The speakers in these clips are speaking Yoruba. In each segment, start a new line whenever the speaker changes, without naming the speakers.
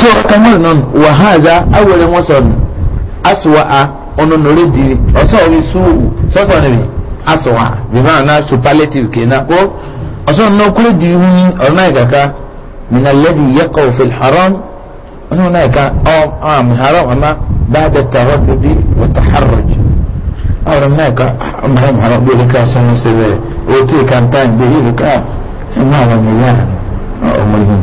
tí o ka mọ́ nínú wàhálà awẹ́rẹ́ wọn sọ̀rọ̀ asọ̀wà a ọ̀nà nọ̀rẹ́ dìrì ọ̀sọ̀rọ̀ sùúrù sọ̀sọ̀ nìyẹn asọ̀wà bímọ àná superlative kìnnà kó ọ̀sọ̀rọ̀ náà kúrò dìrì wúni ọ̀nà ìkàkà mina lẹ́dí yẹ́kọ̀ òfin haram ọ̀nà ìkà ọ̀hún haram ọ̀nà bá bẹ tààrọ̀ bíbí wọ́tà haraj ọ̀rọ̀ náà ìkà ọ̀nà haram bí olùkà sọ̀rọ̀ sẹ́wẹ̀ òtí ìkàntà ìgbéyìí olùkà ẹ̀ máa wà ní yàrá ọ̀mọ̀lẹ́yìn.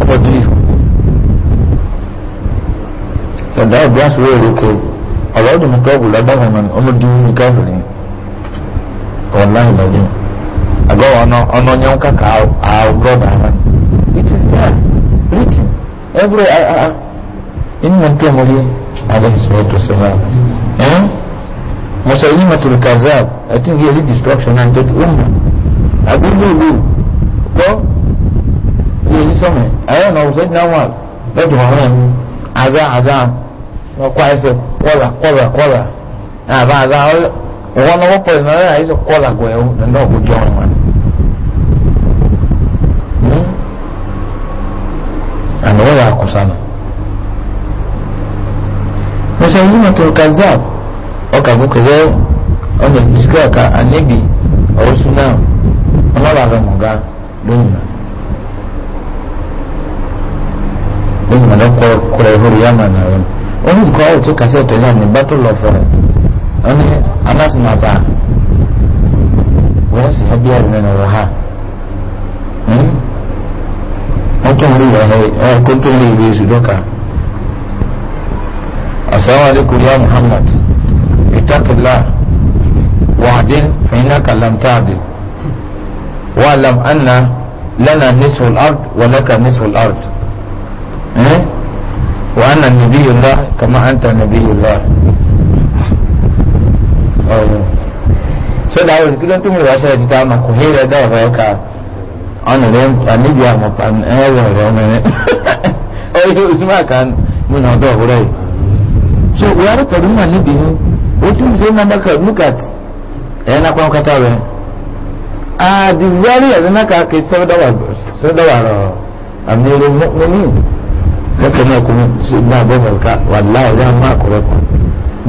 ọdí sọdá ọdí aṣọwé òrùkọ ọ̀rọ̀ ọdún mi kọ́ọ̀bù lọ́dọ̀ọ̀hún mi ọmọdé mi káàbùrì ọ̀nláì lọ́dí àgọ́ ọ̀nà ọ̀nà ọ̀nyẹ́wò kàkà àwọn brọ́dà wọn it is there written every ah ah inú wọn tó ọmọdé adéhùsọ̀tò sọ̀rọ̀ ẹ̀ musa yìí mà tòlù kazab i think he really destruction and that woman àbúrò lù kọ́ sọmẹ ẹyẹ na ọsẹ nyina wọn lọdọ wọn rẹ aza aza ọkọ ayẹsẹ kọla kọla kọla àbá aza wọn náà wọpọ ìnáwó yẹn ayẹsẹ kọla gọyẹwò nínú ọkọ jọ wọn wọn. Hmm? àná wọn yà kọsá nà. musa yi ma tó kazab ọkà kókò yẹ ọmọ ìdísíkà ká anébi ọwọ́ sunáà ọmọ bàbá mọ̀gá lónìí náà. lẹ́yìn mọ̀nà kọ̀rọ̀ ìhóòrò yá màá nàá rẹ̀ wọ́n ní kọ́ ọ̀tún kàṣẹ́ tẹ̀lé àmì battle of wọ́n ní anásìmàṣà wọ́n sì fẹ́ bí ẹ̀rọ nínú ọ̀rọ̀ ha wọ́n tún lè yọ̀ ọ́ kó tún lè wé èṣù asalaamualeykum ya muhammad itakila wàdín fìnnà kàlàntàdì wàlàm anna lana nisful ard wàlàkà nisful ard. Eh? wa ana nabiyullah kama anta nabiyullah ọ̀rọ̀ sọ́dà àwọn òṣìkílọ́ tó múlò wá sọ́dà títà ọmọ kò hé rẹ̀ dáwọ̀ ẹ̀ ká ọ̀nà rẹ̀ níbi àmọ̀ ẹ̀rọ rẹ̀ ọmọ rẹ̀ ọ̀rọ̀ oṣù máa kà mú nà ọ̀dọ̀ ọ̀rọ̀ yìí. so wíwá rẹ̀ pẹ̀lú mà níbi yìí ó tún ṣe máa bá kà look at ẹ̀ náà pọ́n kátà rẹ̀ àdìgbò àríyànjú náà kà kí sọ́dọ̀ wà rọ̀ àmì ẹ̀rọ lọ́kẹ́ náà kò sí gbà bọ́ọ̀mù ka wà láì rí àwọn àkùrẹ́ da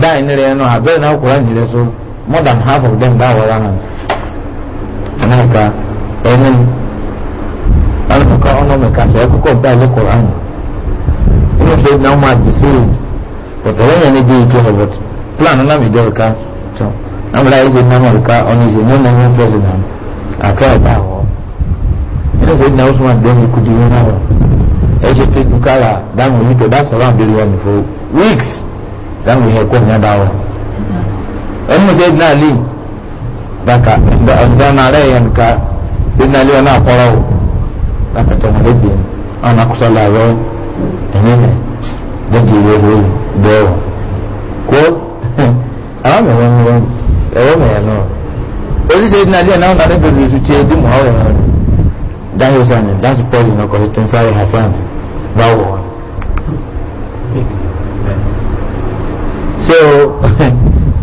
dáì ní rẹ̀ náà abẹ́rẹ́ náà kùrẹ́ so more than half of them dá wọ́n rárá anáka ẹni alùpùpù ọ̀nà mẹ́ka sẹ́yìn kókó bá ilé kùránì inú ṣe náà máa dì sí èyí ọ̀tọ̀ lẹ́yìn ní bí ike ọ̀bọ̀t plan na mi dẹ́ ọ̀ká tó amúlá ẹ̀ṣẹ̀ náà ọ̀ká ọ̀nà ìṣẹ̀ mọ́ náà ní president àkẹ́ ẹ̀dá wọ̀ inú na usman dẹ́mi kudi wọn ẹ̀ṣẹ̀ tẹ dukara dáhùn yìí tó dáṣọ láwọn abẹ́rẹ́ wọn for weeks dáhùn yìí ẹ̀kọ́ ìyá dáwọ́ ẹni mo ṣe dín àlè dàkà ọ̀dọ́nà rẹ̀ yẹn ká ṣe dín àlè ọ̀nà àkọ́rọ̀ o dàkà tó wọn lébi ọ̀nà kọ́sọ́ làárọ̀ ẹ̀yìn rẹ̀ lọ́dún ìwé rẹ̀ bẹ́ẹ̀ kó àwọn mẹ̀wọ́n mẹ̀wọ́n ẹ̀wọ́ mẹ̀yàn náà oríṣiríṣi dín àlè náà wọn kà dáhùn sani láti pọ́ọ̀lù náà kọ́ sí tó ń sáré hasan báwo wọn. so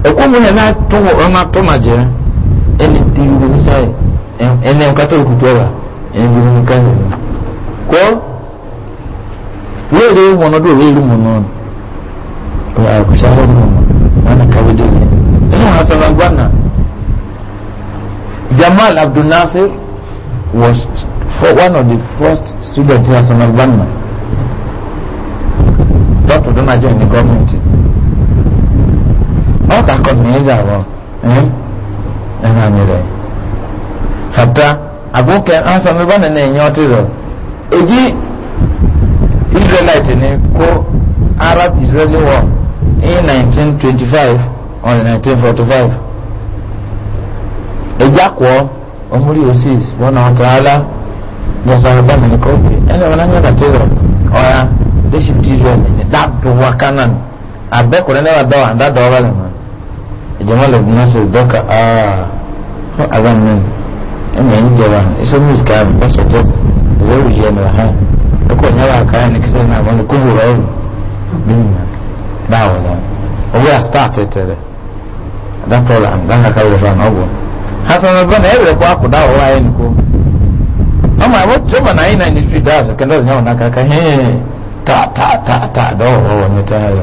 ẹ̀kọ́ mi náà tó ọmọ tó máa jẹ ẹni tí ibi ní sáré ẹni ẹ̀ka tó kù tó ọ̀la ẹni ibi ní ká lè kọ́ lóòrè wọn ọdún òwe ìlú mọ̀nà ọ̀la àkùsà ọdún mọ̀nà wọn kàwé dé yẹn ẹni wọn sọ̀rọ̀ gbọ́nà jamal abdul nasir was one of the first students in National Banner Dr. Dona join the government. All that companies are wrong. Eh? eh? eh And I'm here. Hatta, Abu Ken National Banner in your title. Eji Israelite ni ko Arab Israeli war in 1925 or 1945. Ejakwo Omuri Osis, one of the Allah nyazarba mene kofi ene wananya katero oya deshi tizwe mene dadu wakanan abe kure ne wa dawa da dawa le ma ejema le nasi doka ah ho azan ne ene ni jawa iso mis ka ba so jes zeru je me ha ko nyala ka ne kise na ba ne kubu ra bin dawa za obu ya start etere da tola an ga ka ka wo ran hasan ba ne ebe ko aku dawa wa ko ama awo tí o ma na yi na industry da so kẹndọ ìyá wọn kaka hẹn ta ta ta ta dọwọ wọn ní tẹ́lẹ̀ lọ.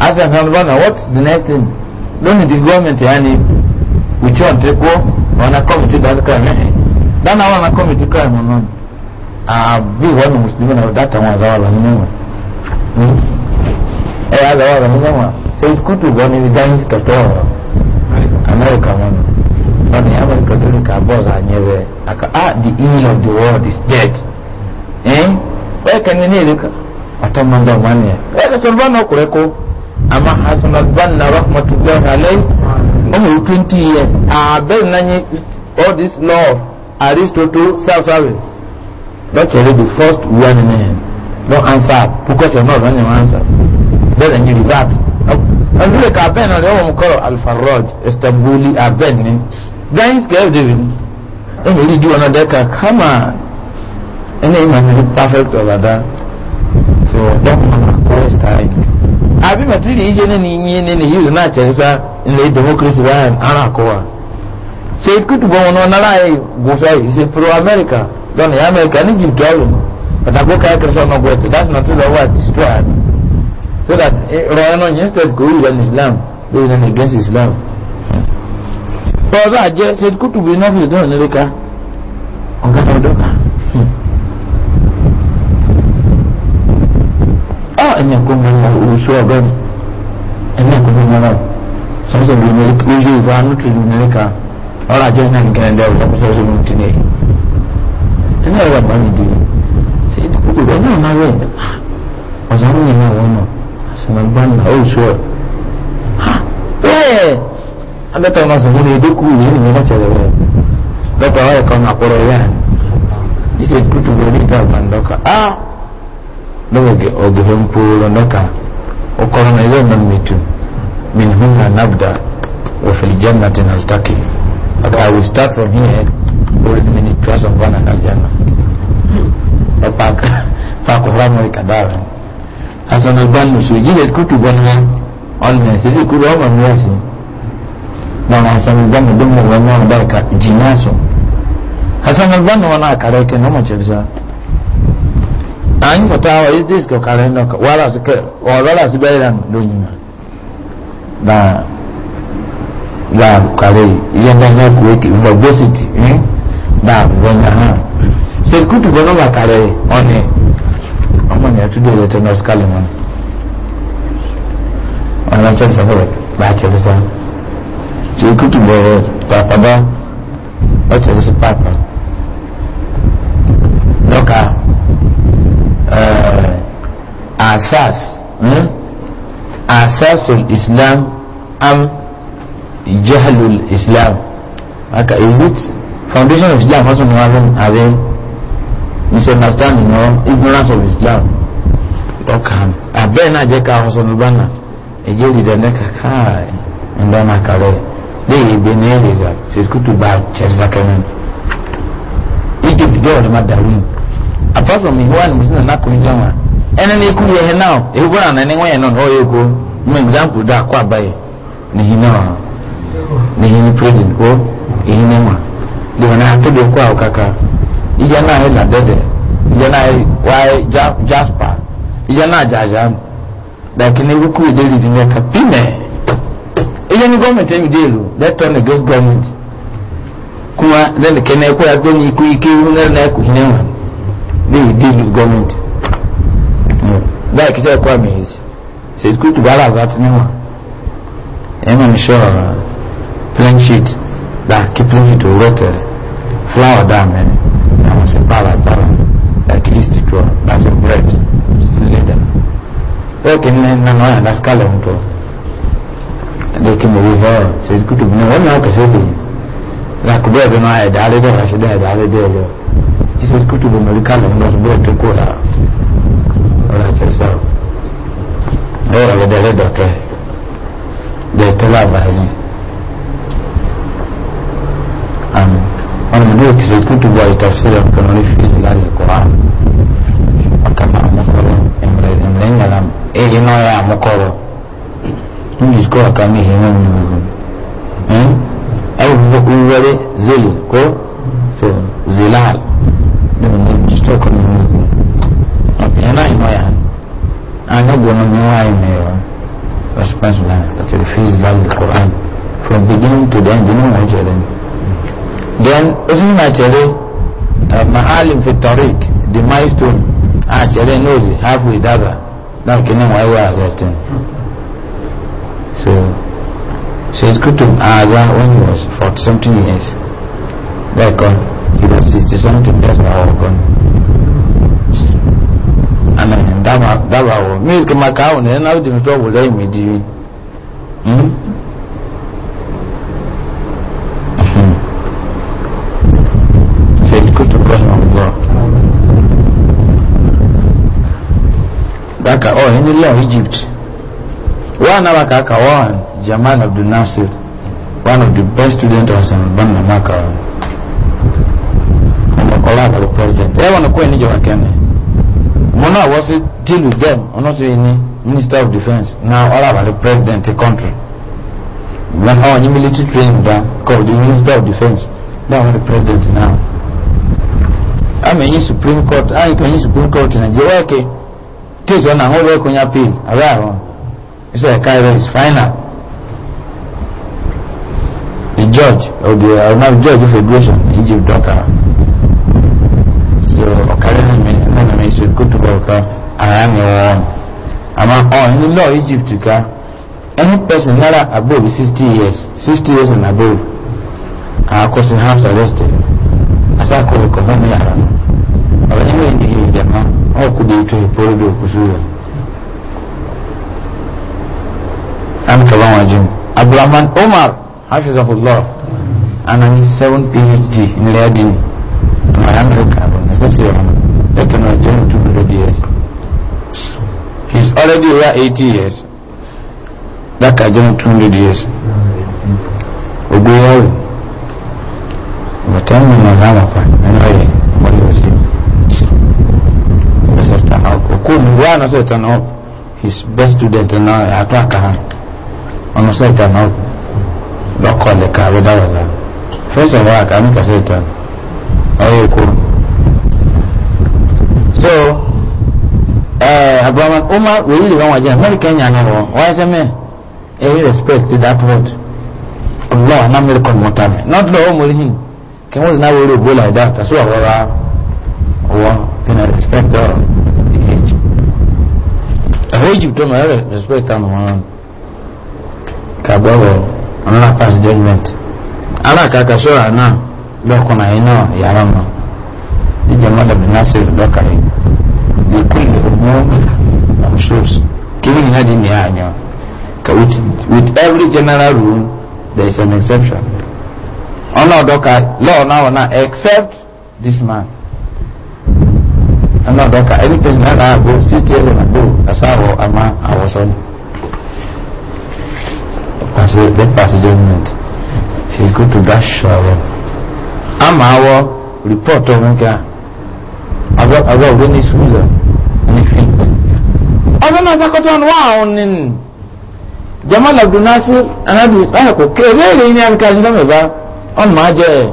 as an example na what the next thing lónìí di gọọmenti yẹn ni wìtí ọ̀n ti kú wọn na kọ́mìtì dá kíkọ́ ẹ̀mí hẹn dáná wọn na kọ́mìtì kọ́ ẹ̀mí náà àbí wọn ni mùsùlùmí náà dáta wọn àzáwà lọ nínú wọn. ẹ yà àzáwà lọ nínú wọn ṣe kútù bọ́ níbi dáhìí kẹtọ́ ọ̀rọ̀ amẹ́ríkà wọn ni wọn ni kadulika bọ́ọ̀sì ànyẹ́rẹ́ aka ah the end of the world is dead ẹ́n wẹ́ẹ̀ kẹ́ni ní èdè ká ọ̀tọ́ máa ń dọ̀ wọ́n ni ẹ̀ wẹ́ẹ̀ kẹ́sọ̀ ló bá nà ọkùnrin kó àmà hasanà bá nà rahmatulah alẹ́ ọmọ yìí twenty years àbẹ́rẹ́ náà all this law aristotle sáfsáwì lọ́kẹ̀rẹ́ the first one in him don answer because you know when you answer bẹ́ẹ̀ ni revert ọdún lè ka abẹ́ẹ̀ náà lọ́wọ́ mu kọ́rọ̀ alfaroj istanbuli abẹ́ẹ̀ ni. Guys, gave David. Then he do another car. Come on. And then he perfect over that. So don't always tired. Abi matiri ije ne ni nye ne ne yuzu na chensa ile democracy ba ana kowa. Say kutu bo wono na lai go say is pro America. Don ya America ni jim tolo. But ago ka Christian no That's not the word destroyed. So that eh, Royal no instead go use Islam. They are against Islam bọ́ọ̀bá jẹ́ ṣe kútùbù iná fi ìdánwò nílé ká ọ̀gá ọ̀dọ́ ká. ọ ẹ̀yìn kò mọ ọmọ oṣù ọ̀gá ni ẹ̀yìn kò mọ ọmọ náà sọ́sọ́ bí ojú ìbá nùtùrù nílé ká ọ̀rọ̀ àjẹ́ náà nìkan ẹ̀dá ọ̀gá kó sọ́sọ́ nù tìlẹ̀ ẹ̀yìn ẹ̀rọ àgbà mi dìde ṣe kútùbù ẹ̀ náà máa ah, ọ̀sán anda tahu masuk ini duku ya ini mana cara ya dokter ayah kau nak poroyan di sini kutu beri kau pandoka ah dong ke obuhem pulau doka ukorona itu memitu min huna nabda wa fil jannati naltaki okay I will start from here or in minute trust of one and aljanna Pak Pak Rahmat Kadar Hasan Al-Bannu sujud kutu banwa on message kutu on message na Hassan al-Banna duk mu wannan da ka jina su Hassan al-Banna wannan kare ke na majalisa an fata wa is this ko kare na ka wala su kai wala su bayan don da ya kare yanda ya kuwa ki university eh da wannan ha sai kutu gona ba kare one amma ne tudu da ta North Carolina wannan sai saboda ba ta bisa sai kutubar papaba wacce wasu papa doka eh, asas hmm? asasul islam am jahalul islam aka is it foundation of islam also no having having misunderstanding or ignorance of islam doka abẹ́ náà jẹ́ ká àwọn sọ̀rọ̀ bá náà èyí ò lè dẹ̀ ní kàkà ẹ̀ ń dáná kárẹ̀. dai be ne ba egypt dai wani apart from ihuwa ni musulun na kun jama ẹni ni ikú yẹ hẹn náà ewu na na ni wọ́n yẹn náà ọ̀ yẹ kó mú example dá kó na nìyí na nìyí ni prison kó èyí ni mà lèwọ̀n náà tó lè kó na kaka ìjẹ́ na yẹ làdẹ́dẹ́ jasper ìjẹ́ náà jàjà dàkínní ikú yẹ dé rìdìmẹ́ kàpínẹ́. iye ni gọọmenti ẹni dé ìlú that turn against gọọmenti kuma lẹ́nu kẹ́nẹ́ ẹ̀kọ́ yàgbẹ́ ní ikú ike ihu náà náà kò ní ẹ̀wọ̀n lè dé ìlú gọọmenti báyìí kí sẹ́ẹ̀kọ́ àmì yìí sí ṣe kú tù bàrà àzá ti níwọ̀n ẹ̀mọ ní sọ́ọ̀ plain sheet dà kí plain sheet òwúrọ̀ tẹ̀lé flower dà mẹ́ni àwọn sì bàrà bàrà like east draw that's a bread still later. Wọ́n kì í ní nínú ọ̀yàn dá scale ọ̀hún لكن مبيها سيد كتب من وين هو كسيدي لا كبير بما يدعي ده عشان ده يدعي ده سيد كتب الملكة لما تبغى تقول ولا تساو دور على ده ده كه ده طلع بهذه آمين أنا بقول سيد كتب واي تفسير كمان في استدلال القرآن وكما مقرر إمرين لم إيه ما يا مقرر ko a kame hinan hmm? abubuwan wari zil ko zilal daga na stockholm yana imo ya an ah, ga gona ne waye mai yawa responsible that refuse the Quran from beginning to the end you know my children then isn't my children uh, mahalim fi tariq the milestone a ah, children knows halfway daba now can I why we So Sayyid to Azah when he was 40 something years back on he was 60 something years now gone ana ndaba ndaba wo mi kama kawo ne na udi mtu wa zai mi diwi hmm Sayyid Qutb rahimahullah Daka oh in Allah Egypt One hour kaka one, Jamal Abdul Nasir, one of the best students of San Ban Namaka. Ọmọkọlá àbàlù president. Ẹ wọn kọ́ ẹni jọba kẹ́mi. Mo náà wọ́n sí deal with them, ọ̀nà tó yẹ ní minister of defence na ọ̀rọ̀ àbàlù president ti country. Wọ́n àwọn ní military training dá kọ́ the minister of defence dá àwọn president náà. Àmì ẹ̀yìn supreme court, àyìnkà ẹ̀yìn supreme court Nàìjíríà ọ̀kẹ́ tí ìṣọ̀nà àwọn ọ̀rẹ́ ẹ̀kọ́ yẹn appeal, àbẹ́ àwọn iṣẹ́ ẹ̀ka rẹ̀ is final the judge or the uh, not judge of federation egypt dọ́ka so me, me, ọ̀kàrẹ́ náà go to mi ṣe kótó bọ̀ọ̀ká ara mi wọ́n àmọ́ ọ̀n ní law egypt ká any person náírà above sixty years sixty years and above àkọsí half arrested As I me around. asákòrò kọ̀ọ̀mọ́ mi àrà ọ̀rọ̀ yẹn lè ní ìjàmbá ọ̀kùnrin tó ìpolówó kùsùrù. I'm Kalam Ajim. Abdurrahman Omar, Hafizahullah. And I'm his 7 PhD in Leadini. And I am Ricardo. Is this your honor? They cannot join 200 years. He's already over 80 years. That can join 200 years. but I'm Ogoyawo. Matamu Mahama pa. Nanaye. Mwani wasi. Mr. Tanok. Okunu. Wana turn Tanok. His best student. Nanaye. attack hana ọ̀nà sẹ́tàn náà lọ́kọ̀ lẹ́ka àrídáwọ̀dá fẹ́sẹ̀ wá àkàmìkà sẹ́tàn ọyọ èkó so abraman uma wèyí lè wáwọn jẹ́ mẹ́rin kẹ́nyà náà wọ́n wáyé sẹ́mẹ́ ẹ̀yìn respect to that word allah na mẹ́rin kan mọ́ta mi not lọ́wọ́ mọ́rí hìn kí wọ́n lè náà wọ́n lè gbó like that àti wọ́n rọra wọ́n kí na respect ọ̀rọ̀ uh, ìkejì ẹ̀họ́ egypt tó mọ̀ ẹ̀rẹ̀ respect àwọn ọ̀rọ̀ kàbọ̀wọ̀ ńlá pass judgment alákàkà sọ́ra náà lọ́kùnrin àyín náà yàrá mọ́ díje mọ́dàbí násìrì lọ́kàrí the queen of women and shows killing her in the anya with, with every general rule there is an exception ọ̀nà ọ̀dọ́ka lọ́ọ̀ na wọ̀ except this man ọ̀nà ọ̀dọ́ka any person na I go six years ago as I wọ àmà àwọ̀sọ́nù then pass judgment she is going to dash ọ̀rọ̀ ama awọ report ọ̀rọ̀ nke a agba agba ọ̀rọ̀ ní sùúrù ní fit ọ̀rọ̀ náà sakọtọ ọ̀nù wà áwọn nínú jamal abdul nasir anabi ẹ̀ kò kéré èrè ní àríkà ní gbàmẹ̀bá ọ̀nù máa jẹ́ ẹ̀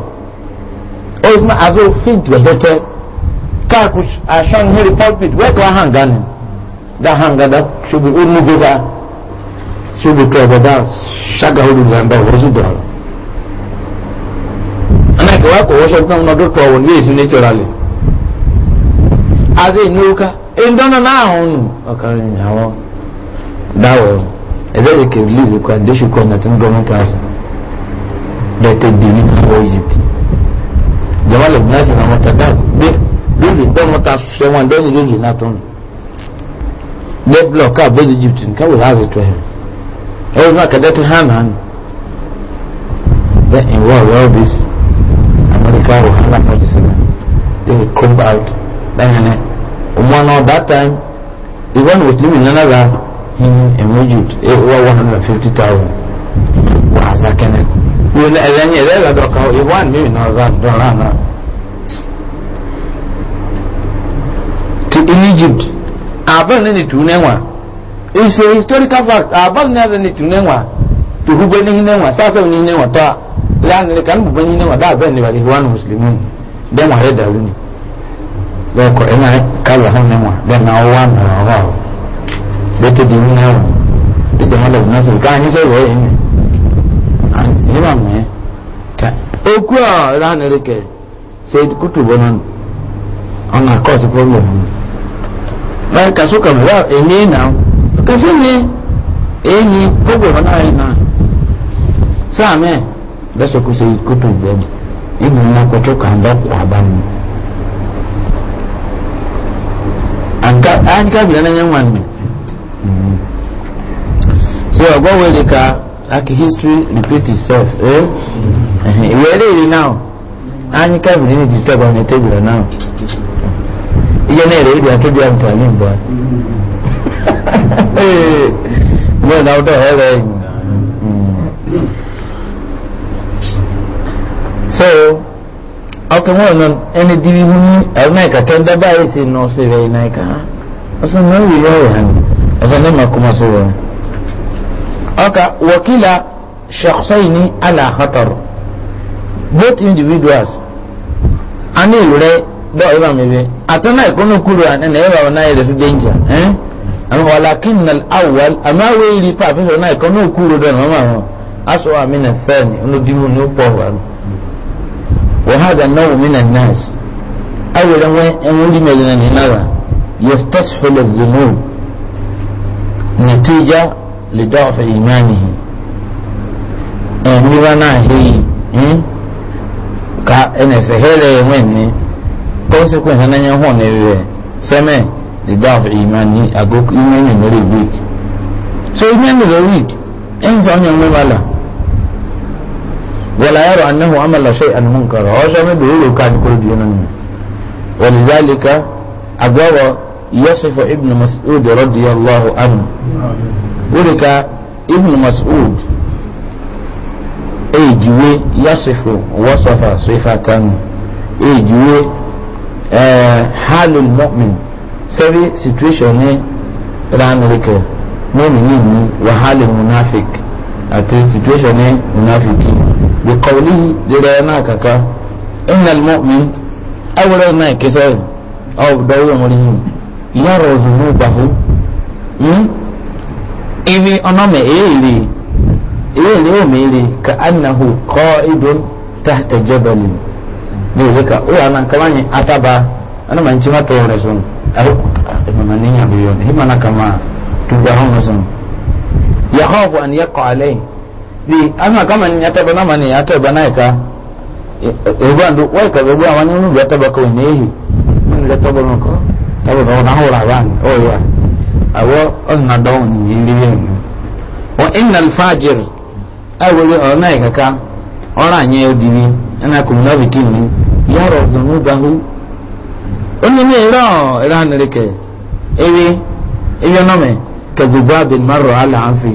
ó yẹ kó azọ fit gbẹ̀dẹ́tẹ́ káàkiri aṣọ ní report pit wẹ́ẹ̀kọ́ hàn gánà dá ṣùgbọ́n ó nu gbé bá. subukaabada shaga huluzamba hosudohala anake wako washakuna unadotowon yesu naturally aze inuka endona nahonu akarinyawo dawo ezeke release kwa ndeshu kwa natin government house lete dini kwa egypt na matadago ka Everything like that hand hand. Then involve all this America will hand up They will come out. Then eh, um, one or that time, even with living another in emerged eh, over one hundred and fifty thousand. Wow, that can you know then you ever talk how you want me now that don't run To in Egypt, I've been in it to now. It's a historical fact abal na da nitin nenwa to hube ni nenwa sasa ni nenwa ta lan ne kan buban ni nenwa da ban ne bali wani muslimin dan wa da runi da ko ina kaza hon nenwa dan na wa na wa da ta di ni nenwa duk da malam nasir ka ni sai waye ne ni ba me ta o ku a ran ne ke sai kutu bonan ana cause problem ba ka so ka ba ene na kasi ni enyi gbogbo ọ̀nà ayé náà sáàmì lọ́sọ̀kọsọ ìkótó ìgbẹ́ni ìgbà ńlá kọjọ́ kan lọ́kọ̀ àbámu. an kabila na yan wanne hmm. so ọgbọ wele ka aki history repeat itself eh ìwé eléyìí náà anyi kabila ní disturb àwọn ètò ìgbìlọ náà ìyẹn náà èrè ìdí ya àǹtàlí ń bọ. ní ọ̀nà ọdọ̀ ọ̀rẹ́ ẹ̀yìn so ọkàn wọn nọ ẹni dìbí mú ní ẹ̀rọ náà kàkẹ́ ń dábàá yìí sí inú ọ̀sẹ̀ rẹ̀ náà kà á ọ̀sẹ̀ náà wù yọ̀ ọ̀hán ọ̀sẹ̀ náà mà kọ́mọ́ sí rẹ̀ ọkà wọ́kìlà ṣàkóṣáyìí ní aláàkátọ̀rọ̀ both individuals a ní ìlú rẹ̀ bọ́ọ̀ ìbámu ẹ̀bẹ̀ àtọ́nà ìkọ́nù kúrò àná ẹ̀rọ náà yẹ àwọn ọ̀làkín nà awọ́l àmọ́ àwọn èrì pa àfihàn náà ìkan náà kúrò dẹ̀ mọ́mọ́ àwọn aṣọ àmì nà sẹ́ẹ̀nì ọ̀nàdìmú ní ó pọ̀ wà nù. wọ́n hà dà náà wùmí nà nọ́ọ̀sì awèrè wọn ẹ̀wọ̀n rí mẹ́rin nà nínú àwà yẹ stẹ́s hólẹ̀ zùmù nìtìjà lè dọ́ ọ̀fẹ́ ìmáàmì yìí ẹ̀mí wa náà hẹ́yì ká ẹnẹ̀sẹ̀ hẹ́rẹ̀ ẹ̀wọ̀n ní consequence ìdáàfù ìmánì àgókò ìmánì lórí week so ìmánì lórí week ẹ̀yìn sọ ọ́nyẹ̀ mú bàlà wọ́n láyé rọ̀ anáhùn amàlà ṣe ànàmùn kọ̀rọ̀ ọ́ sọ mi bèrè lóka ní kúrò bìíní nínú wọ́n lè dálíka àgbọ̀wọ̀ yẹ́sìfù ibn mas'ud rọ̀dì allahu anhu wúrika ibn mas'ud èjìwé yẹ́sìfù wọ́sọ̀fà sífàtàn èjìwé ẹ̀ẹ́d eh, halil mu'min sẹ́rí situation ní ránirikẹ̀ mọ́mìnì ní wàhálì munafik àti situation ní munafiki bí kọ́wlì lérẹ̀ náà kàkà inal mọ́mìn awúrẹ́ náà kẹsẹ̀ ọ̀dọ́wọ́ wọn yìí yàrá òzùnú gbàfú hmm? ibi ọ̀nàmọ̀ èèrè èèrè òmèrè ka annahu kọ́ idun tahta jabalin bí ìrẹ́ka ó wà náà kàmáyìn ataba ọ̀nàmọ̀ nchimátọ̀ rẹ̀ sọ̀rọ̀ mananinya bilioni hii maana kama tungahona sana yakhafu an yaqa alayhi bi ama kama ni ataba nama ni ataba naika ebandu waika bebu amanyi mu ataba ko nehi mun le tabo nako tabo ko na hola ban oh ya awo onna dawn ni ndiye wa innal fajir awli onaika ka ona nye odibi ana kumna bikini yaro zunubahu onye ero ranere ke ewe ewe nome ka zuba bin maro ala an fi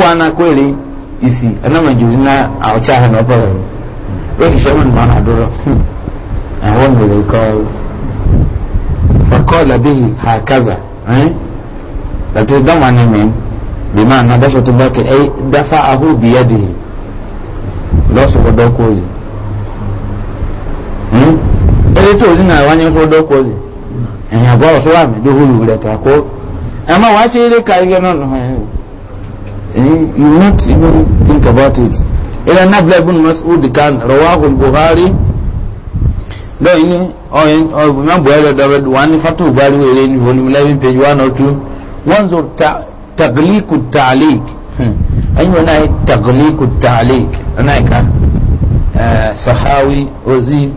wa na kwere isi anama juzi na aucha ọcha ha na ọpọlọ wani shaman ma na and hmm. a wani they call fakola bihi ha kaza eh da ta dama ne min bi ma na dasho to baki ai e, dafa ahu bi yadihi losu ko dokozi hmm ṣe tó sí náà wáyé kó dọ́kọ̀ sí ẹ̀yìn àbọ̀ ọ̀ṣọ́ àmì dóhùlù rẹ̀ tàkó ẹ̀mọ́ wá ṣe eré ka ẹgbẹ́ náà you not even think about it ilẹ̀ náà bẹ́ẹ̀ bùn masud kan rawahu buhari lọ́yìn ní ọ̀yìn ọ̀gbìnmọ̀ buhari ọ̀dọ́rẹ́ wà ní fatu buhari wẹ̀rẹ̀ ní volume eleven page one or oh two wọ́n zọ tagliku taalik ẹ̀yin wọn náà sahawi ozi.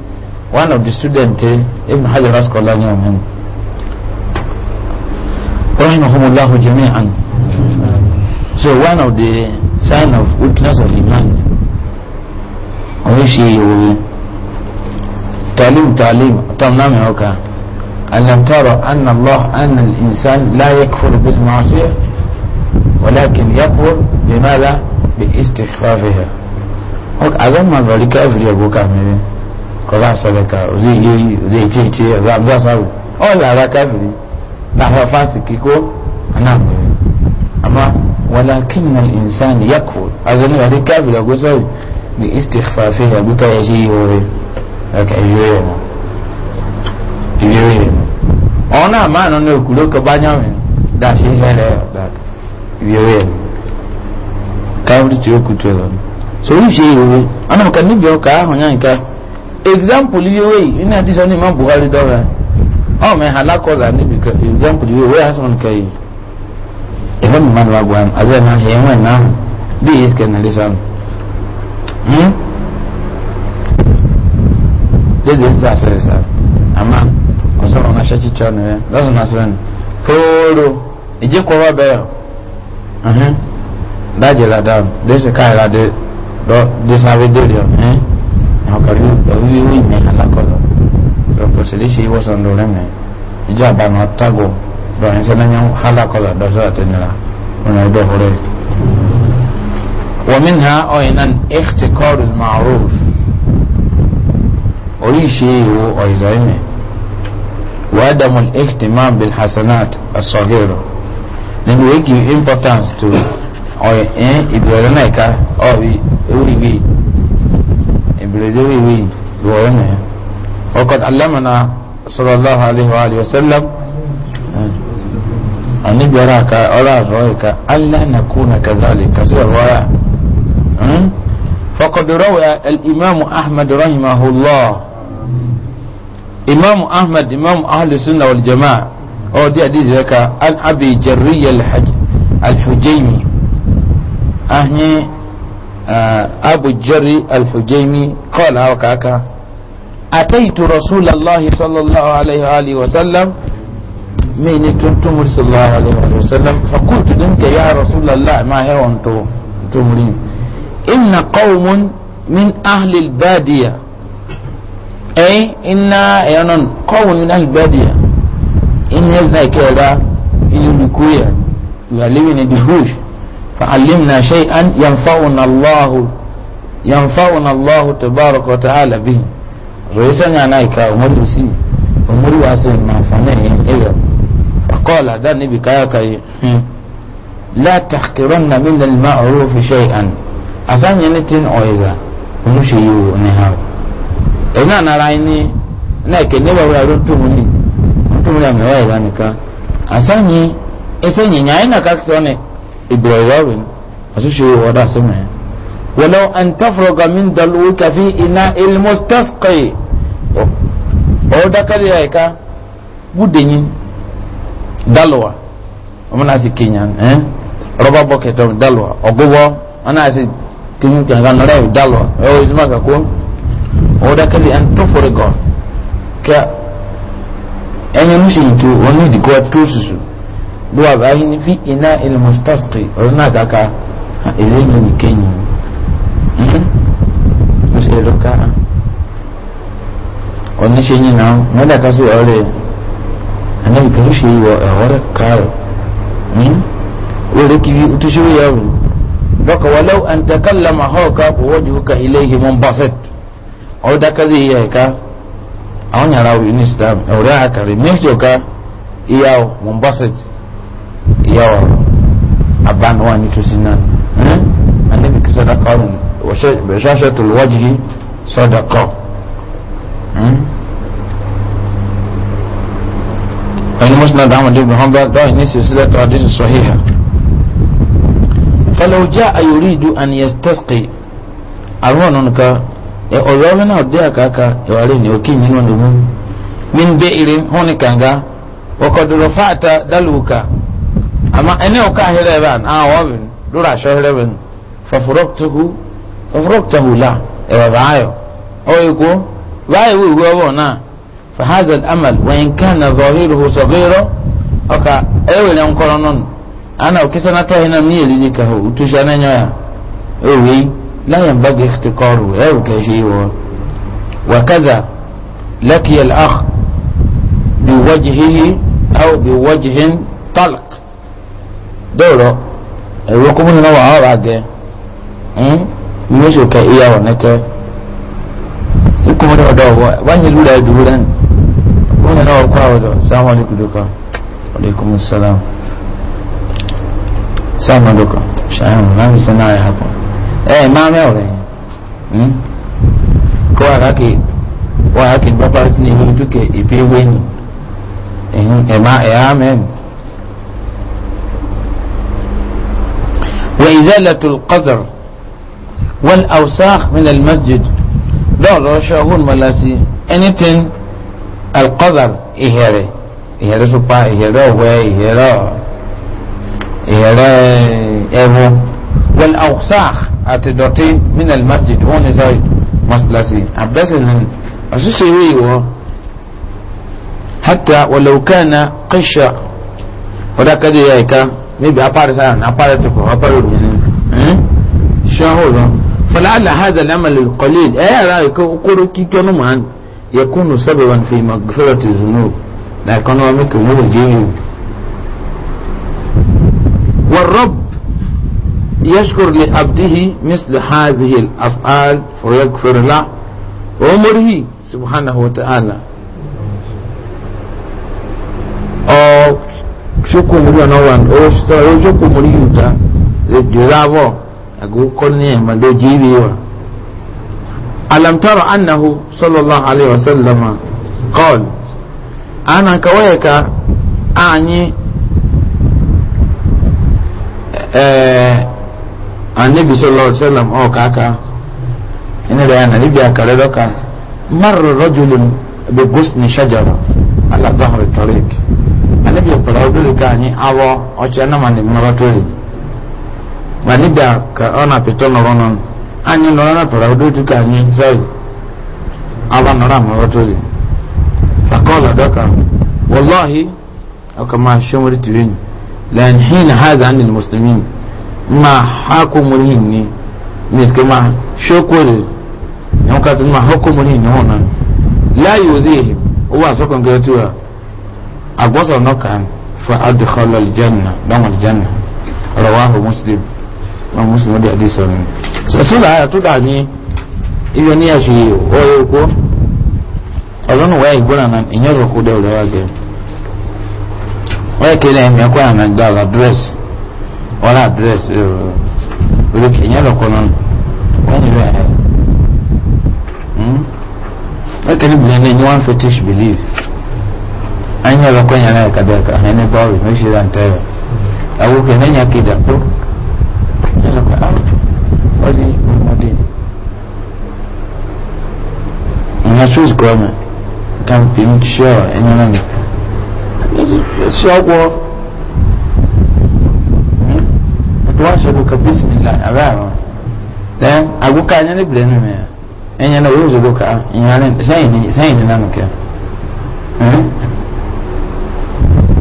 one of the students eh, Ibn Hajar Asqalani of him so one of the sign of weakness of Iman oishi تعليم تعليم تمنام هوكا ألم ترى أن الله أن الإنسان لا يكفر بالمعصية ولكن يكفر بماذا باستخفافها هوك أظن ما ذلك أفريقك مبين kọba sọlẹka òde yéyí òde ìtìtì ọba abúgbàsáwò ọ̀là ara káfìrí náà fásitì kíkó anáàmì àmà wọlá kínyìn ìnsáni yàkó azọlẹ àti káfìrí ọgọsọrì ní istikfafe àgbékà ẹṣẹ ìhòòrè ẹka ìwé ẹmọ ìwé ẹmọ ọ̀hún náà máa nọ ní òkúrò kọba nyàmì dáṣẹ hẹrẹ ọ̀dà ìwé ẹmọ káfìrí tí ó kú ọ̀nà kan example yìí wéyìí ní àdìsọ ní imam buhari dọ́ra ọmọ ẹ̀ alákọ̀ọ́lá níbi example yìí wéyìí hasan kẹyì ẹ̀fọ́ mi máa ń wá gbọ́ àmì àti ẹ̀fọ́ ẹ̀yẹ̀ wọ̀n náà bí èyí sikẹ̀ nàlẹ́ sàn. dédé hmm? ń sá sẹ́rẹ̀ sá àmà ọ̀sán ọ̀nà aṣẹ́ kíkẹ́ ọ̀nà rẹ̀ lọ́sàn náà sẹ́rẹ̀ fóró ìjẹ́ kọ́ wá bẹ́ẹ̀ hmm? dájẹ́ ládàá lẹ́sẹ̀ káyọ̀ ládé lọ́ dé sáré délé ọ̀ ọkọ̀rí orí ní ìmẹ̀ alákọ̀lọ̀ lọ́pọ̀ sí lè ṣe ìwọ́sàn lórí mẹ́ ìjọ àbámọ̀ tágò lọ́rin sí lẹ́yìn alákọ̀lọ̀ dọ́sọ̀ àtẹnira ọ̀nà ẹgbẹ́ ọ̀rẹ́ wọ́n mìíràn ọ̀yìnà ẹ̀kìtìkọ́rù ma'ruf orí ìṣe ìwò ọ̀ìzọ̀ ìmẹ̀ wàdàmù ẹ̀kìtìmáà bil importance to ọ̀yìn ìbẹ̀rẹ̀ náà ká ọ̀rí ewúrẹ́ إبليزوي وين دوانه وقد علمنا صلى الله عليه وآله وسلم آه، أن يراك أرى رويك ألا نكون كذلك سوى آه، فقد روى الإمام أحمد رحمه الله إمام أحمد إمام أهل السنة والجماعة أو دي أديز لك أبي جري الحج الحجيمي أهني آه، أبو الجري الحجيمي قال هكاك أتيت رسول الله صلى الله عليه وآله وسلم من تنتمر صلى الله عليه وآله وسلم فقلت لك يا رسول الله ما هي أنتم تمرين إن قوم من أهل البادية أي إن يعني قوم من أهل البادية إن يزنى كذا إن يلقوا يعني we are فعلمنا شيئا ينفعنا الله ينفعنا الله تبارك وتعالى به رئيسا يعنيك أمور بسي أمور واسين ما فنين إذا فقال هذا النبي كاكا لا تحقرن من المعروف شيئا أسان ينتين أويزا ونشيو نهاو إنا نرايني نايك نبا ويرون تمني تمني أمي ويرانك أسان يسان ينعينا كاكسوني ibrahim asushi wada sama eh. walau an tafroga min dalwika fi ina ilmustasqi o oh, oh, dakali ya eh, ka budenyin dalwa amana si kinyan eh roba bucket of dalwa ogobo oh, ana si kinyan kanga nore dalwa eh, o izmaga ko o dakali an tafroga ka enyo nushi tu oni dikwa tususu duwa bayi ni fi ina ilmustasqi oruna kaka ha eze mi ni kenyu mo se lo ka oni se yin na mo da ka se ore anabi ka se yo ore ka ni ore ki bi utu se yo bu baka walau an takallama hawka wajhuka ilayhi munbasit aw da ka zai yi ka a wani rawu in islam aure aka remake ka iyawo munbasit yawa aban wa ni tusinan eh hmm? annabi ka sadaqa wa shashatul wajhi sadaqa hmm an musnad ahmad ibn hanbal da ni silsila ta hadith sahiha فلو جاء يريد أن na أرونك akaka أبديك أكا يواليني وكين من ونبو من iri هوني كانغا وقد رفعت daluka amma ene o ka hele ban a wa bin dura sho hele bin fa furuktuhu fa la e baayo o ko baayo wi wo wo na fa hadha al amal wa in kana zahiruhu saghira aka ewe ne nkoro non ana ukisa na tahi na mieli ni ka utusha na nyoya ewe la yanbaghi ihtikaru ewe ka shi wo وكذا لقي الأخ بوجهه أو بوجه طلق dɔwɔrɔ ɛwɔ kɔmu nana wɔn ahɔrɔ agɛ ɛn nyesu kɛ iya wɔn nɛtɛ ikumu dɔwɔ dɔwɔ wanyɛ lura yɛ dugu dɛn kɔmu nana wɔn kɔ awɔ dɔ sàmú aleku duka alekum salam sàmú duka sàmú nami sɛ n'ayɛ hapɔ ɛɛ maame wɔrɛ ɛn kɔ akake wɔ akake papa ti na ebi duka ebi ewe ni ɛn ɛma ɛyà amɛ ni. وإزالة القذر والأوساخ من المسجد دور شاهون ملاسي أنتن القذر إهري إهيري سبا إهيري وإهيري إهري إهري والأوساخ أتدوتي من المسجد هون إزاي مسلسي أبدسل أسسيوي حتى ولو كان قشة ولا كده يا إيكا نبي أبارة سلام أبارة tuko أبارة duniani eh shahuda فلعل هذا العمل القليل أي رايك اقول كي كانوا مان يكون سببا في مغفرة الذنوب لا هو ممكن أمور الجيد والرب يشكر لعبده مثل هذه الافعال فيغفر له عمره سبحانه وتعالى jókòó mo ní ọ̀nà wa ó sọ ó jókòó mo ní yùtá jùlábọ̀ àgókọ́ ní ẹ̀mọ́dé jírí wa. alamtaro anahu sallallahu alayhi wa sallam kọ́ọ̀l ana kawai ka anyi e, e, annabi sallallahu alaihi wasallam o kaka ina da yana nabi akare doka marra rajulun bi gusni shajara ala tariq anabi ọkọlọ ọdún ka anyị awọ ọchịa nama na mmụọ tọrị ma n'ịbịa ka ọ na-apịtọ nọrọ nọ anyị nọrọ na pụrụ ọdún ka anyị sọrọ awọ nọrọ amụọ tọrị dọka wọlọhi ọkama shomori na lẹyìn hin haza ndị musulmi ma ha hin ni miske ma ma ha hin ni láyé wà sọkàn agwasa nokan fa adkhala aljanna dan aljanna rawahu muslim wa muslim da hadisi ne so sun da to da ni iyo ni ashi oyo ko ọlọ́nù wẹ́ ìgbóná náà ìyẹn rò kó dẹ́wọ̀ lọ́wọ́ gẹ̀ wọ́n kéde ẹ̀mí ẹ̀kọ́ àmì ẹ̀gbà ọ̀la dírẹ́s ọ̀la dírẹ́s oríkè ìyẹn rò kó náà hmm? wọ́n yìí rẹ̀ ẹ̀ an yi bakon yana ka da ka hanyar bawo mai shi zan tayo abu kwa nan ya ke da wazi muhammadin na su su goma kan fin shawa in nan shago tuwa shago ka bismillah a bayan dan aguka yana ne bilin mai yan yana wurin zuboka in yanin sai ne sai ne na muke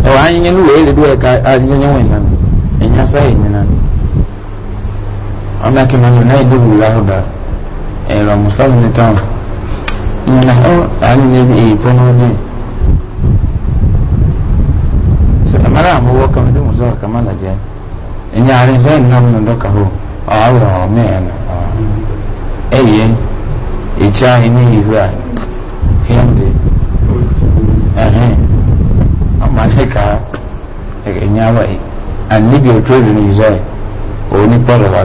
ọ anyịnya n'ụlọ ele dị ka anyịnya nyenwe na enye asa enye na ọmọ akị mmanụ na-ede wuru ahụ da ẹ̀rọ mùsùlùmí ní táwọn nna ọ anyịnya èyí pọ n'ọdún so amara àmọ wọ kàmí dị mùsùlùmí kàmá là jẹ enye àárín sẹ́yìn náà mú ndọ́ kàhó ọ àwòrán ọmọ ẹ̀ nà ẹ̀yẹ ìkyá ẹni ìhú à hẹ́ndé ẹ̀hẹ́n malaika daga nyawai annabi o tori ni zai o ni pọlọ wa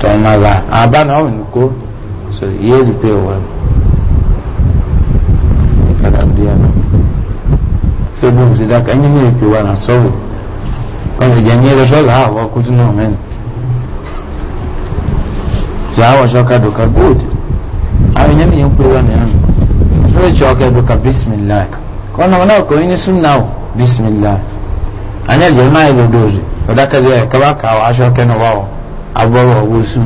tọ mala aba na ọhún kó so iye di pe wa nípadà bí a nọ so bí mo ti dáka ẹni ní èpè wa na sọwọ wọn fi jẹ ní ẹrẹ sọlá àwọ kútu náà mẹni tí a wọ sọka dùkà góòdù àwọn ènìyàn yẹn ń pè wá nìyẹn fún ìjọ ọkẹ dùkà bísímìláì kọ́nà wọn náà kò ní sún náà. بسم bismillah anyar jama'a ilo dozi wadaka zai kaba kawo ashe kena wawo abubuwa wasu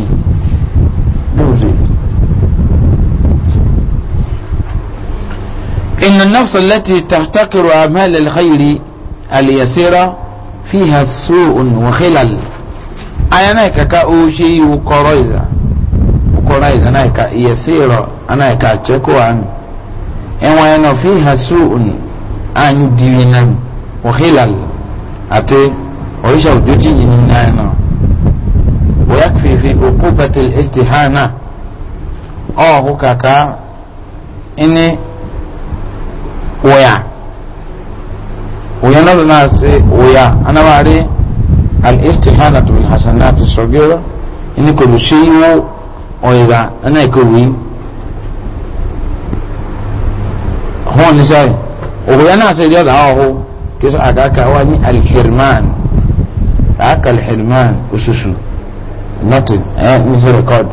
dozi إن النفس التي تحتقر أعمال الخير اليسيرة فيها سوء وخلل أي نايكا كأوشي وكورايزا وكورايزا نايكا يسيرة نايكا تشكوان إن وين فيها سوء anyu diri nan wahilal ate oisha ujuji yini nana ويكفي في عقوبة الاستهانة أو هو كاكا إني ويا ويا نظر ناس ويا أنا بعري الاستهانة بالحسنات الصغيرة إني كل شيء وإذا أنا يكون هون نسائي وغيانا سيدي هذا هو كيس أكاكا واني يعني الحرمان أكا الحرمان وشوشو nothing eh, نزل ريكورد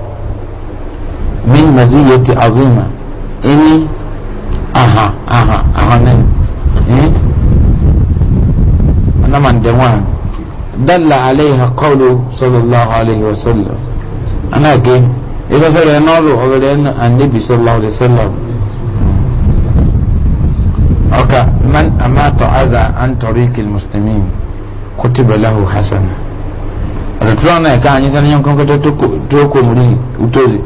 من مزية عظيمة إني أها أها أها نن إيه؟ أنا من دوان دل عليها قوله صلى الله عليه وسلم أنا كي إذا سألنا الله النبي صلى الله عليه وسلم ọka man amato aza an torikil muslimin kutiba lahu hasana ọ̀dọ̀tún náà ẹ̀ka àyín sani yankan kọ́tọ́ tó kò múrí utóze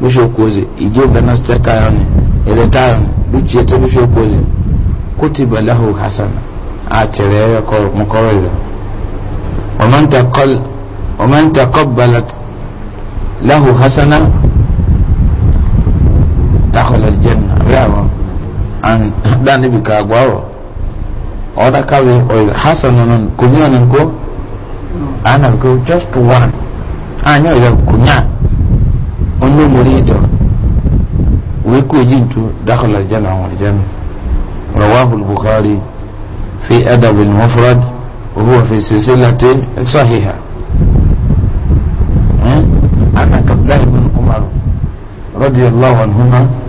ló ṣe okò ọ̀zẹ̀ ìjọ bẹ̀rẹ̀ náà ṣe káyọ̀ ni ẹ̀rẹ̀ táyọ̀ ni kutiba lahu hasana àti rẹ̀ ẹ̀rẹ̀ mọ́kọ́rọ̀ ìlọ. ọ̀mọ̀ ń takọ́ bala lahu hasana dákọ̀lá Ah, an da oh. ni bi ka gwawo oda ka we o hasan non kunya nan ko ana ah, ko just one ah, anyo ya kunya onno murido we ko jintu dakhala janna wal janna rawahu al bukhari fi adab al mufrad wa huwa fi silsilati sahiha eh? ana kabla ibn umar radiyallahu anhuma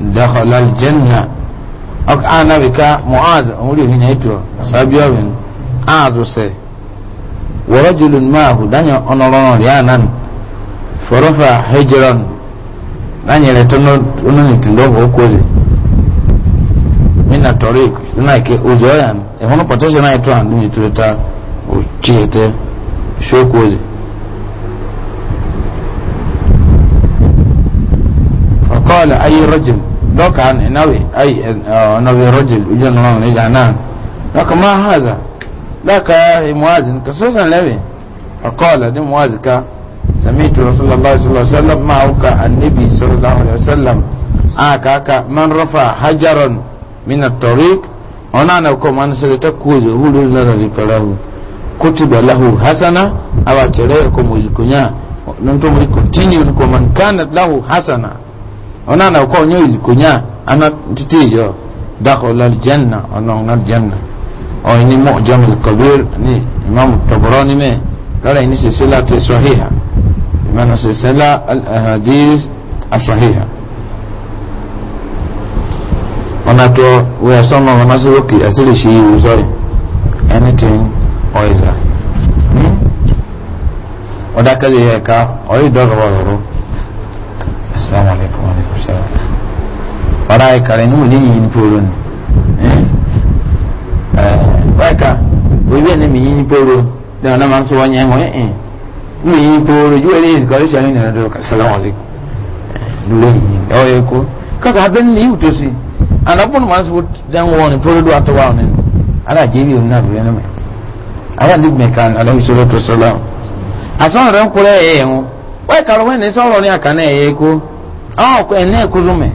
dakhala aljanna ok ana bika muaz umuri ni naito sabio bin azu se wa rajulun ma'ahu danya onorono rianan forofa hijran danya le tono ononi tindongo okoze mina torik nake uzoyan e hono potesha na andu tuleta uchete shokoze فقال أي رجل دوك عن نبي أي نبي رجل يجن الله من يجعنا لك ما هذا لك موازن كسوسا لبي فقال دي موازك سميت رسول الله صلى الله عليه وسلم معك النبي صلى الله عليه وسلم آكا آكا من رفع حجرا من الطريق أنا نقوم أن سلتكوز هولو لنا ذكره كتب له حسنة أو أتريكم وزكنا ننتم continue كمن كانت له حسنة ona na ko nyo ikunya ana titi yo dakhala aljanna ona ona aljanna o ini mu'jam al-kabir ni imam tabarani me lara ini silsila ta sahiha imam silsila al-ahadith eh, as-sahiha ona to we sono ona so ki asili shi sorry anything oiza ni hmm? odakale ka oyi dogoro assalamu alaikum wa alaikum salam bara ikare nu ni yin porun eh baka eh, we be ni yin poro na na man so wanya mo eh ni yin poro ju ele is gori shani na do assalamu alaikum dule yin o ye ko cause have been you to see and upon once would then one poro do at one and ara je bi na bi na me ara ni me kan alaihi salatu wassalam asan ran kure eh wọ́n ìkàrà wọ́n ní sọ̀rọ̀ ní àkànnà ẹ̀yẹ kó àwọn ọkọ ẹ̀ mẹ́.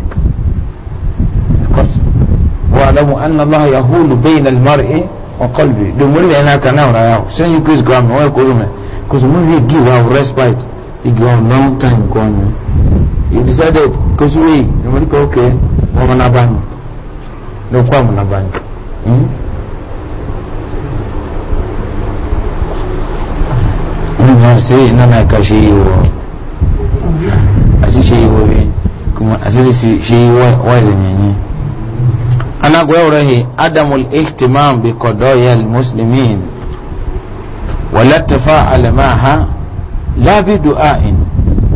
wà á lọ́mú anna allah yahulu bẹ́yìn alimari ẹ̀ ọ̀kọ́lùbì domori bẹ́ẹ̀ náà ọ̀rọ̀ ayáwó sẹ́yìn chris graham wọ́n ẹ̀ mẹ́ kòsò mú ní igi wa respite igi wa long time kan ni he decided kòsò wẹ́yì domori kọ́ ọ̀kẹ́ ọmọ náà bá mi lọ́kọ́ ọmọ náà bá mi. Não sei, não é cachorro asishe iwobi kuma asisi shi wazenyenye ana gwaurohi adamul ihtimam bi kodoyal muslimin wala tafa'ala maha la bi du'ain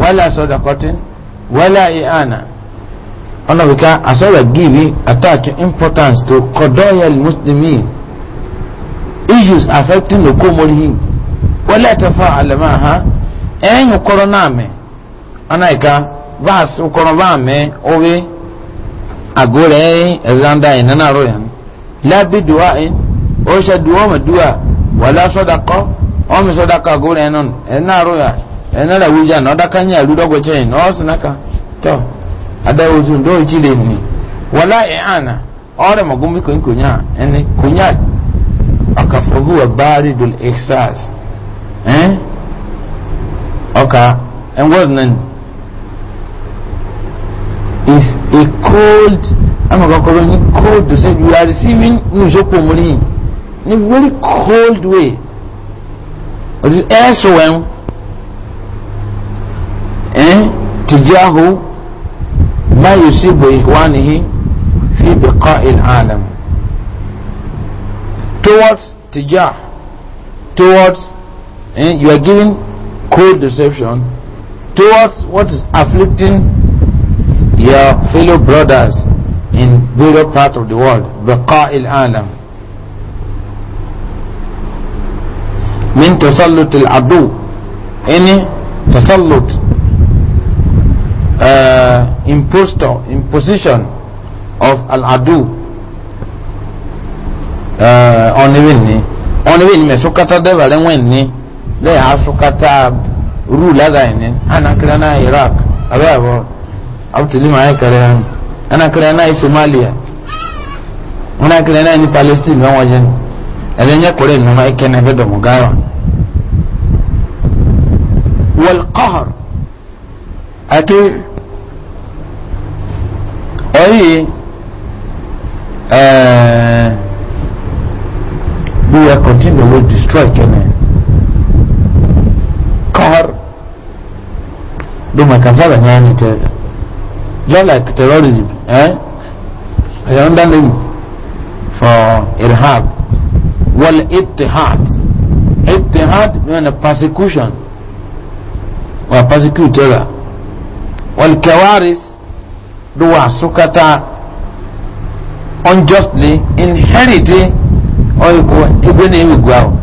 wala sadaqatin wala i'ana ana wika asara give attach importance to kodoyal muslimin issues affecting the community wala tafa'ala maha ẹ̀yìn kọ́rọ́ náà mẹ́ anaika vas ukoro vame owe agore ezanda inana royan la bidua in o duwa ma duwa wala sadaqa o mi sadaqa gore non ena roya ena la wija no da kanya lu dogo che no sinaka to ada uzun do jile ni wala i'ana e ore magumi ko kunya ene kunya akafuhu wa baridul ihsas eh oka is a cold amagakoro ni cold to say you are receiving news nusoko muri in a very cold way or is air so well eh tijahu ma yusibu ikhwanihi fi biqa'i alam towards tijah towards eh, you are giving cold deception towards what is afflicting your fellow brothers in various parts of the world بقاء العالم من تسلط العدو any تسلط uh, impostor imposition of Adu uh, on on me. ọ̀nìwìnì ọ̀nìwìnì mẹ̀sùkátà dẹ́bàrẹ́ wẹ̀nì lẹ́yìn asùkátà rúù ládàá ẹ̀ní ànàkìrẹ́ náà iraq abẹ́ àbọ̀ abtulima ya kare nan ana kare na yi somalia muna kare na ni palestine don wajen ɗan ya kore nuna ike na gada mu gawa wal qahar ake oyi we will continue to destroy kenan qahar duma kasaba nyani tare just like terrorism eh i understand for irhab wal ittihad ittihad mean persecution wa persecutor wal kawaris duwa sukata unjustly inheriting or ibn igwao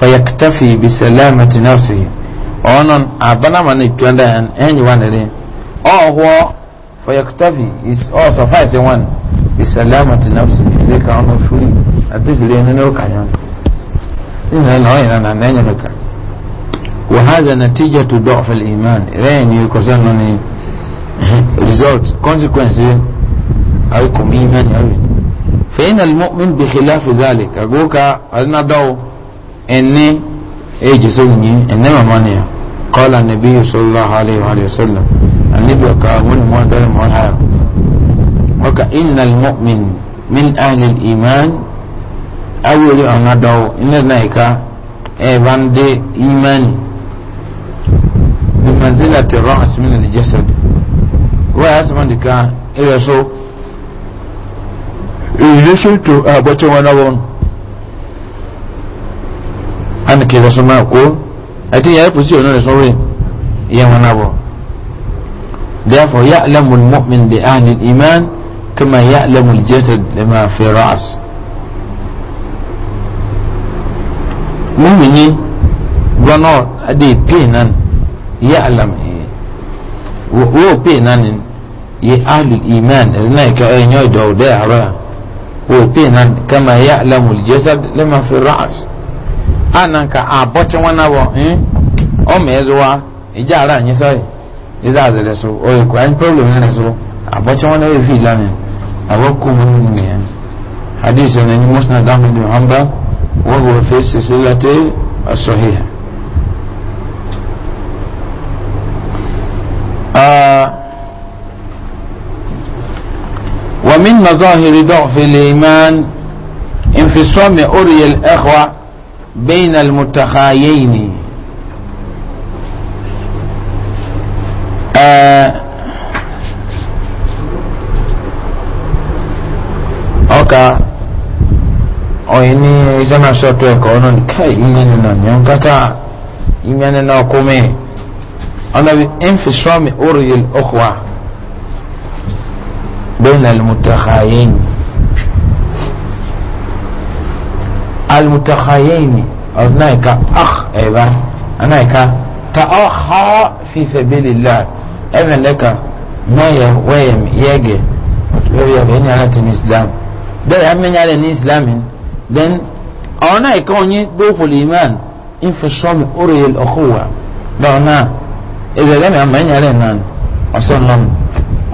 fayaktafi bi salamati nafsihi onon abana mani tuanda en enyi wanere ọ̀họ́ fọyọkítọ́fì ọ̀ sọfáìsì wọn ìsàlámàtì náfsì ilé kan ọ̀nà fúri àti ìsìlẹ̀ nínú ọkà yẹn ìsìn náà ọ̀yìn náà nàá ẹ̀yìn mẹ́ka wàhálà nàtíjà tó dọ̀ ọ̀fẹ́lẹ̀ iman rẹ́yìn ní kọ́sẹ́ nù ní result consequence àìkùn iman yẹn rẹ̀ fẹ́yìn alimọ́min bí khilafi zálì kàgóka adínàdáwò ẹni èjì sóyìn anabi ọka wọn mu adọrọ mu ọha ọka inna almu'min min ahli iman awori ọna dọwọ ina na ika ẹba ndị imani bimanzila tẹrọ asimin alijasad wọ́n yà sọ́mọ́ dìka ẹ̀yẹ so relation to abọ́tí wọn náà wọn a nìkẹ́ ìwọ̀sọ́mọ́ àkó àti ìyá ẹ̀pọ̀ sí ọ̀nà ìsọ́wé ìyẹn wọn náà wọn therefore يعلم المؤمن بأهل الإيمان كما يعلم الجسد لما في رأس mumini gbɔnɔ adi pee nan ye alam wo pee nan ye ahlu iman ɛdina yi ka ɛyɛ nyɔɛ dɔw dɛ ara wo pee nan kama ye alamu jasad lema fi ra'as a ka a bɔtɔ wana bɔ ɛn ɔmɛ zuwa ɛdja ara anyi sɔye. iza azere so o le kura problem yana so abɔkyɛ wɔn na yɛ fi lami abɔkɔ mu ni mu yɛn hadith yɛn ni musna dami di hamba wɔn wɔ fi sisilate asɔhiya. ومن مظاهر ضعف الإيمان انفصام أري الأخوة بين المتخايين ọkà ọ̀yìn ní ìsẹ́nà ṣọ́tọ̀ ẹ̀kọ́ ọ̀nà ká ìyẹnì náà ní ọ̀nkátà ìyẹnì náà kú mi ọ̀nà bí ẹnfìsọ́mi oríyìn ọ̀hùwà bẹ́ẹ̀ ní alimutakayin alimutakayin ọ̀nà ìka ah ẹ̀bá ọ̀nà ìka ta ọ̀hà fi sẹ́bílì láti even deka maya wayem yege lórí ọ̀bẹ ní ara ti ní islam bẹ́ẹ̀ amẹ́nyára ní islam then àwọn náà ẹ̀ka onye dófòlì iman ìfẹsọ́mi oríyìn ọ̀kọ́wà lọ́wọ́ náà ìzẹ̀lẹ́ mi amẹ́nyára náà ọ̀sán náà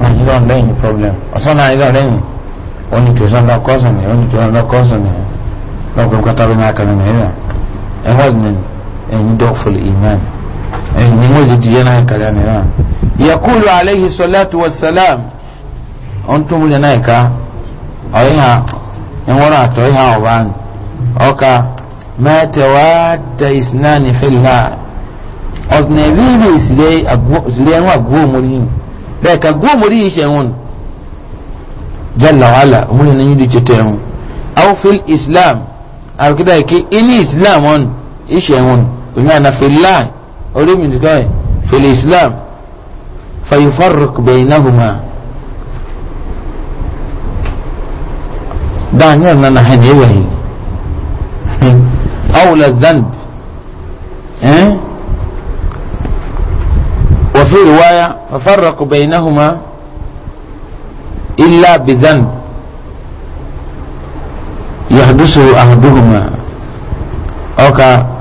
wọ́n yí lọ́n lẹ́yìn problem ọ̀sán náà yí lọ́n lẹ́yìn oní lọ kọ́sán ni oní tòsán lọ kọ́sán ni lọ́gbọ̀n kọ́tà bí náà kan nìyẹn ẹ̀họ́n ni ẹ̀yin dófòlì iman mwezi tijana kalani na yakulu alayhi salatu wassalam onto mulya naye ka oiha engora ato oiha oban oka ma tawadda isnani fillah osne bibi sile agwo sile anwa agwo muri be ka agwo muri ishe won jalla wala mulya nanyu di chetem aw fil islam akida ki ini islam on ishe won kunyana fillah orí mi nìkan yìí fèlè islam fayifaruk bẹ̀yìnàhùmá daniel nana hàn yẹ wẹ̀yìn awùlà zanb ẹ́n wọ́fí riwaya fafaruk bẹ̀yìnàhùmá ilá bizanb yàdùsù àdùhùmá ọkà. Okay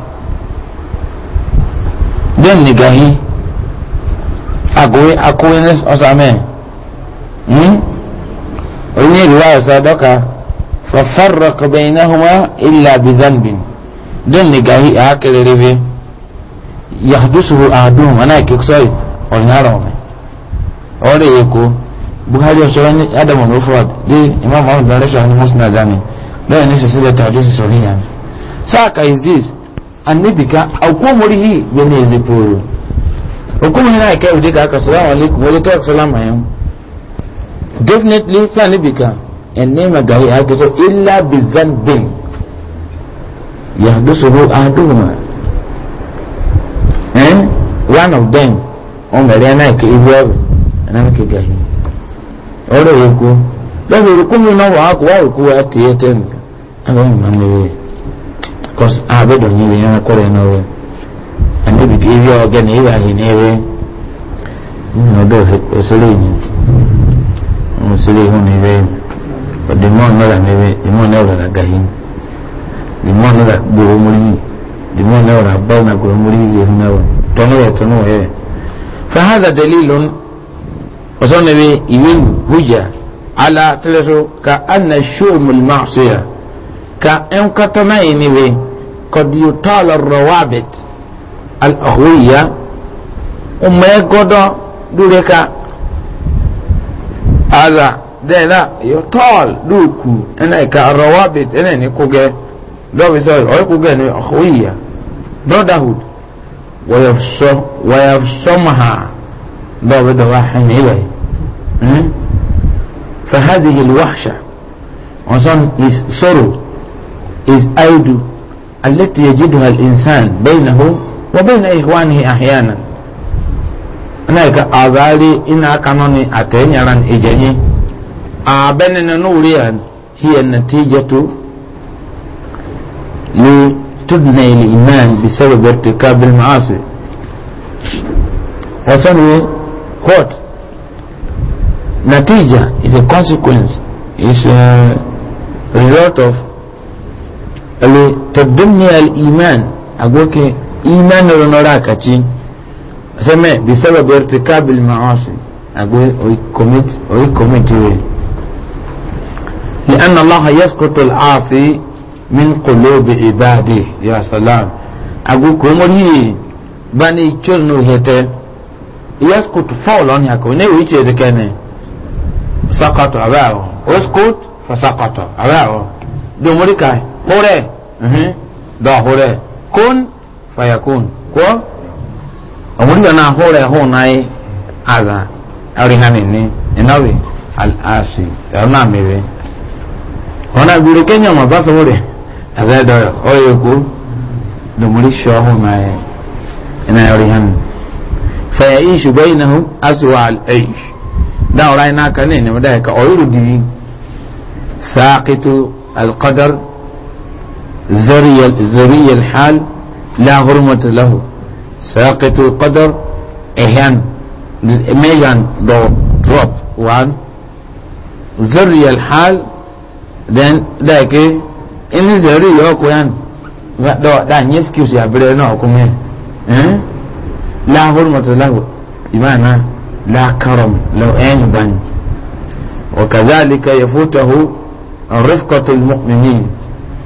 den nigahi agowe akowe ne ọsàmẹ onye ìlú hmm? àyọsà dọka fafarra kọbẹyìn náà wọn ilà bizanbin den nigahi àákẹrẹrẹbẹ yahdusuhu adum ana ìkẹkọsọ ọ̀nyàrọ̀ mi ọ̀rẹ́ yẹ kó buhari ọ̀sọ́rọ̀ ní adamu nufrad dé imam ahmed narration ní musnad dani lẹ́yìn ní sísílẹ̀ tàbí sísọ̀rọ̀ yẹn sáà ka is this annabi ka akomurihi yana yanzu foro hukumar yana kai wuce ka aka salamu alaikum wajen ta salama yau definitely sa annabi ka in nema so illa bi zanbin ya hadu su ro aduhuma eh one of them on gari yana ka ihu abu na muke gahi ọrọ yẹ ko lọ́sọ̀rọ̀ kúmi na wà á kó wà á kó wà á kɔs abedo nyiwe yana kɔrɛ n'owe anabi ke ebi ɔgɛ na ebi ahi n'ewe nna ɔdɔ osele enyi osele ihu n'ewe ɔdi mɔ n'ɔla n'ewe di mɔ n'ɔla na gahi di mɔ n'ɔla gboro mori di mɔ n'ɔla bawo na gboro mori izi ihu n'awo tɔnu wɔ tɔnu wɔ yɛ fahadha dalilun ɔsɔn iwe hujja ala tẹlɛso ka ana shurmul maṣiya ka ɛnkatɔ na yi n'ewe. قد يطال الروابط الأخوية أما يقضى دوريكا هذا دينا يطال دوكو أنا الروابط أنا نكوغي لو بيسوي أيكوغي أخوية brotherhood ويفصمها لو بدوا حين إلهي إيه؟ فهذه الوحشة وصن is sorrow is idle التي يجدها الإنسان بينه وبين إخوانه أحيانا أنك أذالي إن كانوني أتيني لن إجاني أبننا نوريا هي النتيجة لتبني الإيمان بسبب ارتكاب المعاصي وثانيا what نتيجة is a consequence is a result of ale tabdimni al iman agoke iman no nora kachi seme bi sabab irtikab al ma'asi agwe oy commit oy commit we لأن الله يسقط العاصي من قلوب عباده يا سلام أقول كم هي بني تشرنو هتا يسقط فول أن يكون نيويتش يتكني سقط أباعه اسقط فسقط أباعه دومريكاي hore mhm. da hore kun fayakun ko omuri na hore ho nai aza ari na ni ni inawe al asi ona mewe ona guru kenya ma basa hore aza do oyo ku do muri sho ho nai ina ari han fayaishu bainahum aswa al aish da ora ina kanene da ka oyuru di saqitu al qadar زري الحال لا غرمة له ساقط القدر إهان ميجان دو drop وان زري الحال then ذاك إن زري يوكو يان دو دان يسكيو سيا بلينا برينا أكمه لا غرمة له بمعنى لا كرم لو أين بان وكذلك يفوته الرفقة المؤمنين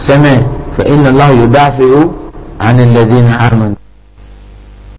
سمع فإن الله يدافع عن الذين آمنوا